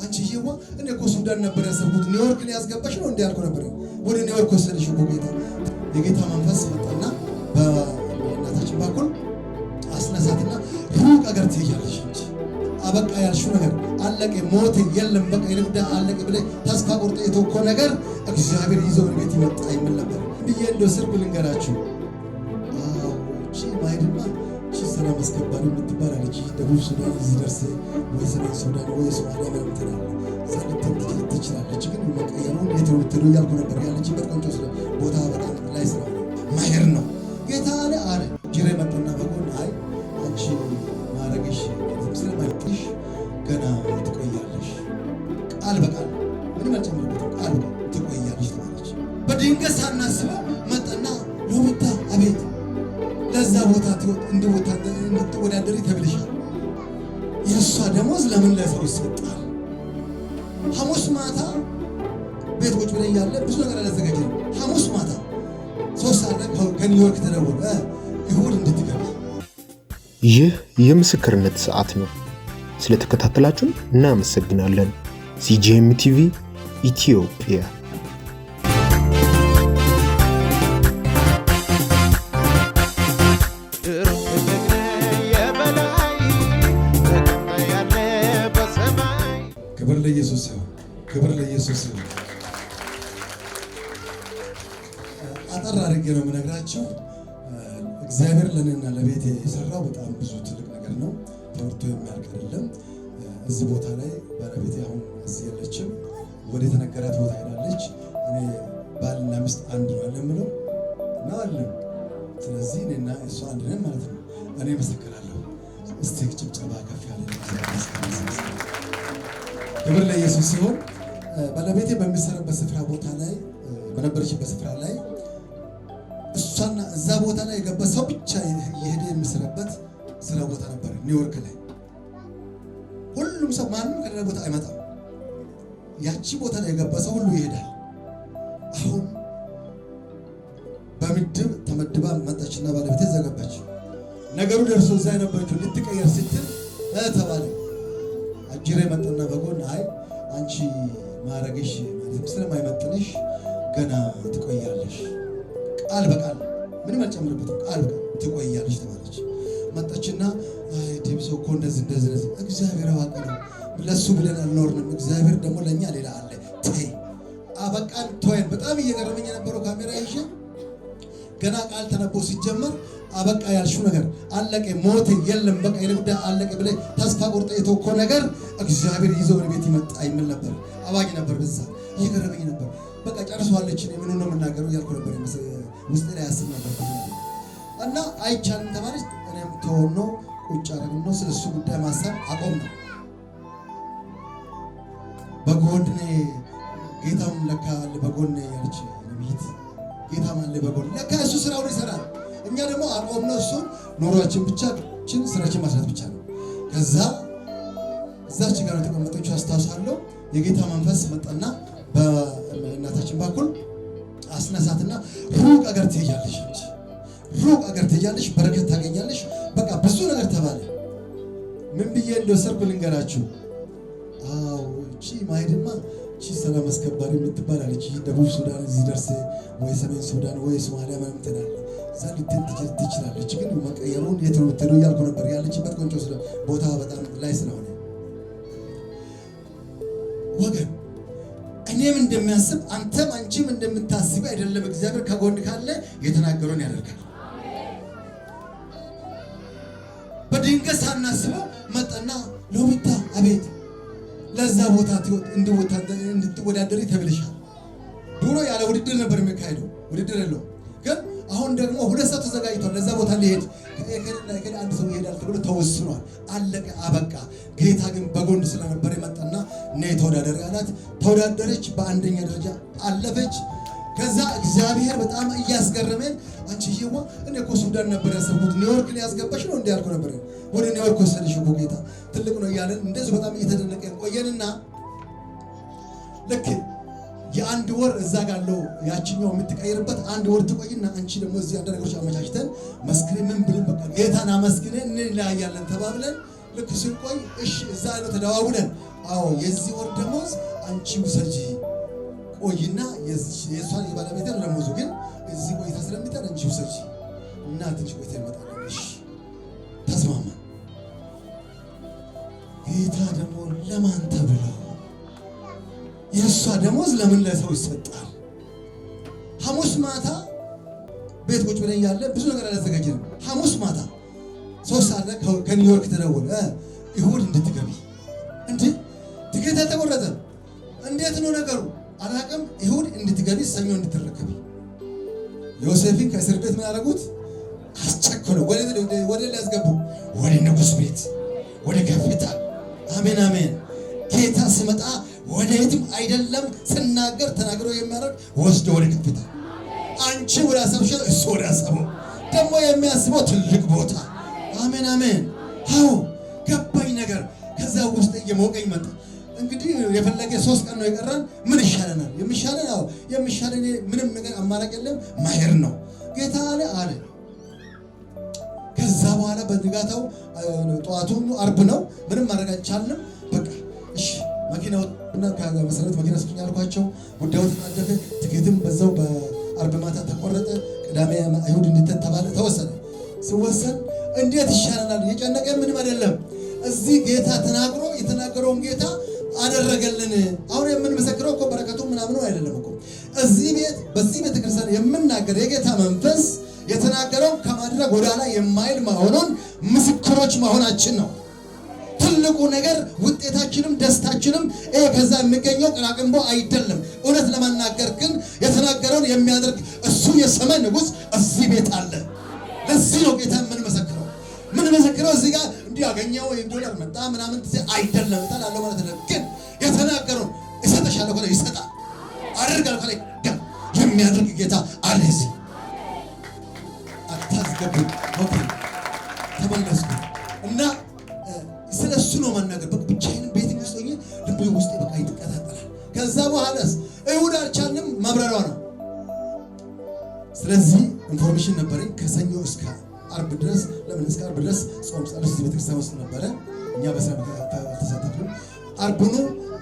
አንቺዬዋ እኔ እኮ ሱዳን ነበር ያሰብኩት፣ ኒውዮርክ ላይ ያስገባሽ ነው እንዴ ያልኩ ነበር። ወደ ኒውዮርክ ወሰደሽ እኮ ጌታ። የጌታ መንፈስ መጣና በእናታችን በኩል አስነሳትና ሩቅ አገር ትሄጃለሽ እንጂ አበቃ ያልሽው ነገር አለቀ፣ ሞት የለም በቃ የልምዳ አለቀ ብለሽ ተስፋ ቁርጥ የተውኮ ነገር እግዚአብሔር ይዞ ቤት ይመጣ ይምል ነበር ብዬ እንደው ስር ብልንገራችሁ ማሄድማ ሰላም አስከባሪ የምትባል አለች። ደቡብ ሱዳን ዝደርስ ወይ ሰሜን ሱዳን ወይ ሶማሊያ ምትላል ትችላለች። ግን በቃ የትነው እያልኩ ነበር። ያለችበት ቆንጆ ቦታ በጣም ለፍሬ ይሰጣል። ሐሙስ ማታ ቤት ቁጭ ብለን ያለ ብዙ ነገር አላዘጋጀንም። ሐሙስ ማታ ሶስት አለ ላይ ከኒውዮርክ ተደወለ፣ ይሁድ እንድትገባ። ይህ የምስክርነት ሰዓት ነው። ስለተከታተላችሁን እናመሰግናለን። ሲጂኤም ቲቪ ኢትዮጵያ ለኢየሱስ ይሁን፣ ክብር ለኢየሱስ ይሁን። አጠር አድርጌ ነው የምነግራቸው። እግዚአብሔር ለእኔና ለቤቴ የሰራው በጣም ብዙ ትልቅ ነገር ነው። ተወርቶ የሚያልቅ አይደለም። እዚህ ቦታ ላይ ባለቤቴ አሁን እዚህ የለችም፣ ወደ የተነገራት ቦታ ሄዳለች። እኔ ባልና ሚስት አንድ ነው የምለው እና አለን። ስለዚህ እኔና እሷ አንድ ነን ማለት ነው። እኔ መሰከራለሁ። እስቲ ጭብጨባ ከፍ ያለ ክብር ለኢየሱስ ሲሆን ባለቤቴ በሚሰራበት ስፍራ ቦታ ላይ በነበረችበት ስፍራ ላይ እሷና እዛ ቦታ ላይ የገባ ሰው ብቻ የሄደ የሚሰራበት ስራ ቦታ ነበር፣ ኒውዮርክ ላይ ሁሉም ሰው ማንም ከሌላ ቦታ አይመጣም። ያቺ ቦታ ላይ የገባ ሰው ሁሉ ይሄዳል። አሁን በምድብ ተመድባ መጣችና ባለቤቴ ዘገባች። ነገሩ ደርሶ እዛ የነበረችው ልትቀየር ስትል ተባለ ጅሬ መጠና በጎን አይ አንቺ ማረግሽ ማለትም ስለማይመጥንሽ ገና ትቆያለሽ፣ ቃል በቃል ምንም አልጨምርበትም፣ ቃል በቃል ትቆያለሽ ተባለች። መጣችና ቴብሶ እኮ እንደዚህ እንደዚህ እንደዚህ እግዚአብሔር አዋቂ ነው፣ ለሱ ብለን አልኖርንም። እግዚአብሔር ደግሞ ለእኛ ሌላ አለ። ተይ አበቃን፣ ተወን። በጣም እየገረመኝ የነበረው ካሜራ ይዤ ገና ቃል ተነቦ ሲጀመር አበቃ ያልሽው ነገር አለቀ፣ ሞት የለም፣ በቃ የኔ አለቀ ብለህ ተስፋ ቆርጠ የተወኮ ነገር እግዚአብሔር ይዞ ወደ ቤት ይመጣ ይምል ነበር። አባጊ ነበር፣ በዛ እየገረመኝ ነበር። በቃ ጨርሷለች፣ ምን ነው የምናገረው እያልኩ ነበር። ውስጥ ላይ ያስብ ነበር እና አይቻልም ተባለች። እኔም ተሆኖ ቁጭ አደረግነው ስለ ጉዳይ ማሰብ አቆም ነው። በጎን ጌታም ለካ አለ በጎን ያለች ጌታም አለ በጎን ለካ እሱ ስራውን ይሰራል እኛ ደግሞ አቆምነው እሱ ኑሯችን ብቻ ችን ስራችን ማስራት ብቻ ነው። ከዛ እዛች ጋር የተቀመጠች አስታውሳለሁ። የጌታ መንፈስ መጣና በእናታችን በኩል አስነሳትና ሩቅ አገር ትሄጃለሽ እንጂ ሩቅ አገር ትሄጃለሽ፣ በረከት ታገኛለሽ። በቃ ብዙ ነገር ተባለ። ምን ብዬ እንደ ሰርብ ልንገራችሁ። አዎ እቺ ማይድማ እቺ ሰላም አስከባሪ የምትባል አለች። ደቡብ ሱዳን እዚህ ደርሴ ወይ ሰሜን ሱዳን ወይ ሶማሊያ ምናምን ትላለች እዛ ልትን ትችላለች፣ ግን መቀየሩን የት ነው የምትሄደው እያልኩ ነበር። ያለችበት ቆንጆ ቦታ በጣም ላይ ስለሆነ ወገን እኔም እንደሚያስብ አንተም አንቺም እንደምታስብ አይደለም። እግዚአብሔር ከጎን ካለ የተናገረውን ያደርጋል። በድንገት ሳናስበው መጣና ሎሚታ አቤት ለዛ ቦታ እንድትወዳደሪ ተብልሻል። ድሮ ያለ ውድድር ነበር የሚካሄደው፣ ውድድር የለውም አሁን ደግሞ ሁለት ሰው ተዘጋጅቷል ለዛ ቦታ ሊሄድ ከእኔ አንድ ሰው ይሄዳል ተብሎ ተወስኗል። አለቀ አበቃ። ጌታ ግን በጎን ስለነበር የመጣና ነይ ተወዳደር ያላት ተወዳደረች፣ በአንደኛ ደረጃ አለፈች። ከዛ እግዚአብሔር በጣም እያስገረመን አንቺ ይሄዋ እኔ እኮ ሱዳን ነበር ያሰብኩት ኒውዮርክ ላይ ያስገባሽ ነው እንዴ ያልኩ ነበር። ወደ ኒውዮርክ ወሰደሽ እኮ ጌታ ትልቅ ነው እያለን እንደዚህ በጣም እየተደነቀ ቆየንና ልክ የአንድ ወር እዛ ጋር ያለው ያችኛው የምትቀይርበት አንድ ወር ትቆይና አንቺ ደግሞ እዚህ አንዳንድ ነገሮች አመቻችተን መስክሬን ምን ብለን በቃ ጌታን አመስግነን እንለያያለን ተባብለን ልክ ስንቆይ እሺ እዛ ያለው ተደዋውለን፣ አዎ የዚህ ወር ደሞዝ አንቺ ውሰጂ ቆይና የእሷን የባለቤትን ደሞዙ ግን እዚህ ቆይታ ስለሚጠር አንቺ ውሰጂ እና ትንሽ ቆይታ ይመጣለን። እሺ ተስማማን። ጌታ ደግሞ ለማን ተብለው የእሷ ደሞዝ ለምን ለሰው ይሰጣል? ሐሙስ ማታ ቤት ቁጭ ብለን ያለ ብዙ ነገር አላዘጋጀንም። ሐሙስ ማታ ሶስት ሰዓት ከኒውዮርክ ተደወለ። ይሁድ እንድትገቢ እንዲህ ትኬት ተቆረጠ። እንዴት ነው ነገሩ? አላቅም። ይሁድ እንድትገቢ ሰኞ እንድትረከቢ። ዮሴፍን ከእስር ቤት ምን አደረጉት? አስቸኮለ። ወደ ላይ ያስገቡ፣ ወደ ንጉሥ ቤት፣ ወደ ከፍታ። አሜን አሜን አይደለም ስናገር ተናግሮ የሚያደርግ ወስዶ ወደ ከፍታ አንቺ ወደ አሰብሽው እሱ ወደ አሰበው ደግሞ የሚያስበው ትልቅ ቦታ አሜን አሜን። አዎ ገባኝ ነገር ከዛ ውስጥ እየሞቀኝ መጣ። እንግዲህ የፈለገ ሶስት ቀን ነው የቀረን። ምን ይሻለናል? የሚሻለን አዎ የሚሻለን ምንም ነገር አማራጭ የለም ማሄር ነው ጌታ አለ አለ። ከዛ በኋላ በንጋታው ጠዋቱ አርብ ነው። ምንም ማድረግ አልቻልንም። በቃ እሺ መኪናው እና ከዛ መሰረት መኪና ስጡኝ አልኳቸው። ጉዳዩ ተጣደፈ። ትኬትም በዛው በአርብ ማታ ተቆረጠ። ቅዳሜ አይሁድ እንድትት ተባለ፣ ተወሰነ። ስወሰን እንዴት ይሻለናል? የጨነቀ ምንም አይደለም። እዚህ ጌታ ተናግሮ የተናገረውን ጌታ አደረገልን። አሁን የምንመሰክረው እኮ በረከቱ ምናምኑ አይደለም እኮ እዚህ ቤት በዚህ ቤተክርስቲያን የምናገር የጌታ መንፈስ የተናገረው ከማድረግ ወደ ኋላ የማይል መሆኑን ምስክሮች መሆናችን ነው። ትልቁ ነገር ውጤታችንም ደስታችንም ይሄ ከዛ የሚገኘው ቀላቅንቦ አይደለም። እውነት ለመናገር ግን የተናገረውን የሚያደርግ እሱ የሰማይ ንጉሥ እዚህ ቤት አለ። ለዚህ ነው ጌታ ምን መሰክረው እዚህ ጋር እንዲህ አገኘው ዶላር መጣ ምናምን ጊዜ አይደለም እጠላለሁ ማለት ነው። ግን የተናገረውን ይሰጠሻል ከሆነ ይሰጣል፣ አድርጋል ከሆነ የሚያደርግ ጌታ አለ። እዚህ አታስገቡ ተመለስኩ አርብ ድረስ ለምን እስከ አርብ ድረስ ጾም ጸሎት ቤተክርስቲያን ውስጥ ነበረ። እኛ በስራ አልተሳተፍንም። አርቡኑ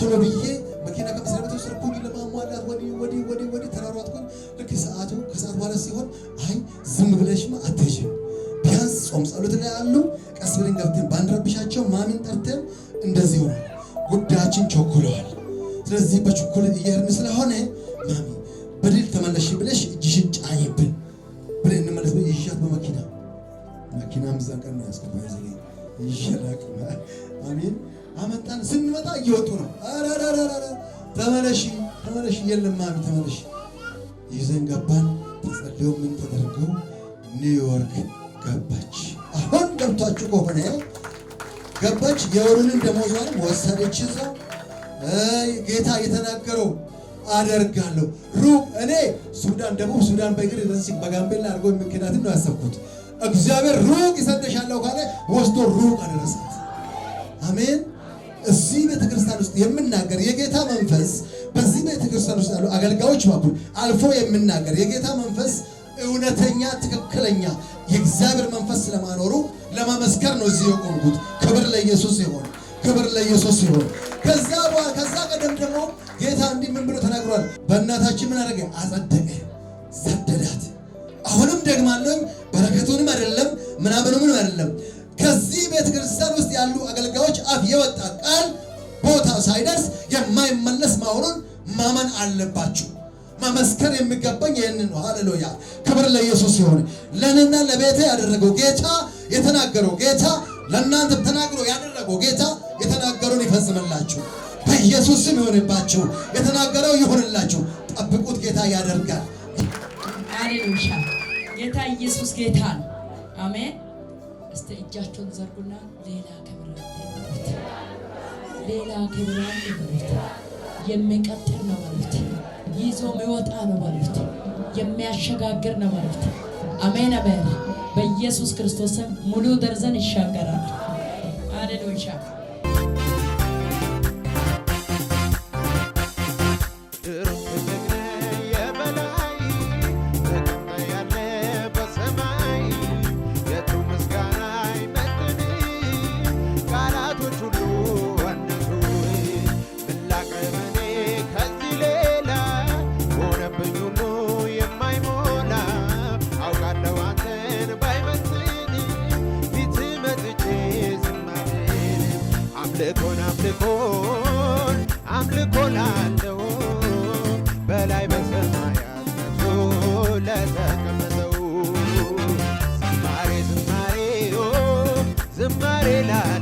ቶሎ ብዬ መኪና ከመስሪያ ቤት ወሰድኩኝ ለማሟላት ወዲህ ወዲህ ወዲህ ወዲህ ተራሯጥኩኝ። ልክ ሰዓቱ ከሰዓት በኋላ ሲሆን አይ ዝም ብለሽማ አትሄጂም፣ ቢያንስ ጾም ጸሎት ላይ ያሉ ቀስ ብለን ገብተን ባንረብሻቸው ማሚን ጠርተን እንደዚህ ሆኗል። ጉዳያችን ቸኩለዋል። ስለዚህ በችኩል እየሄድን ስለሆነ ማሚ በድል ተመለሽ ብለሽ መኪናም እዛ ቀን ያስገባ ይሸላቅ አሜን። አመጣን ስንመጣ እየወጡ ነው። ተመለሽ ተመለሽ፣ የለም ማሚ ተመለሽ። ይዘን ገባን። ተጸልዮ ምን ተደርገው ኒውዮርክ ገባች። አሁን ገብታችሁ ከሆነ ገባች። የወሩንን ደሞዟንም ወሰደች። እዛ ጌታ የተናገረው አደርጋለሁ። ሩብ እኔ ሱዳን፣ ደቡብ ሱዳን በእግር በጋምቤላ አድርጎ ምክንያትም ነው ያሰብኩት እግዚአብሔር ሩቅ ይሰደሻለሁ ካለ ወስዶ ሩቅ አደረሳት። አሜን። እዚህ ቤተክርስቲያን ውስጥ የምናገር የጌታ መንፈስ በዚህ ቤተክርስቲያን ውስጥ ያሉ አገልጋዮች በኩል አልፎ የምናገር የጌታ መንፈስ እውነተኛ ትክክለኛ የእግዚአብሔር መንፈስ ስለማኖሩ ለማመስከር ነው እዚህ የቆምኩት። ክብር ለኢየሱስ ይሆን፣ ክብር ለኢየሱስ ይሆን። ከዛ ከዛ ቀደም ደግሞ ጌታ እንዲህ ምን ብሎ ተናግሯል? በእናታችን ምን አደረገ? አጸደቀ፣ ሰደዳት። አሁንም ደግማለሁ ይህንን ነው። ሃሌሉያ! ክብር ለኢየሱስ ይሁን። ለእኔና ለቤቴ ያደረገው ጌታ የተናገረው ጌታ ለእናንተ ተናግሮ ያደረገው ጌታ የተናገረውን ይፈጽምላችሁ። በኢየሱስ ስም ይሁንባችሁ። የተናገረው ይሁንላችሁ። ጠብቁት። ጌታ ያደርጋል። ሃሌሉያ! ጌታ ኢየሱስ ጌታ ነው። አሜን። እስቲ እጃችሁን ዘርጉና ሌላ ክብር ሌላ ክብር የሚቀጥል ነው ማለት ይዞ የሚወጣ ነው ማለት የሚያሸጋግር ነው ማለት አሜን። አበር በኢየሱስ ክርስቶስም ሙሉ ደርዘን ይሻገራል። አሌሉያ አምልኮን አምልኮን አምልኮ ላለው በላይ በሰማያት መቶ ለተቀመጠው ዝማሬ ዝማሬ ዝማሬ ላ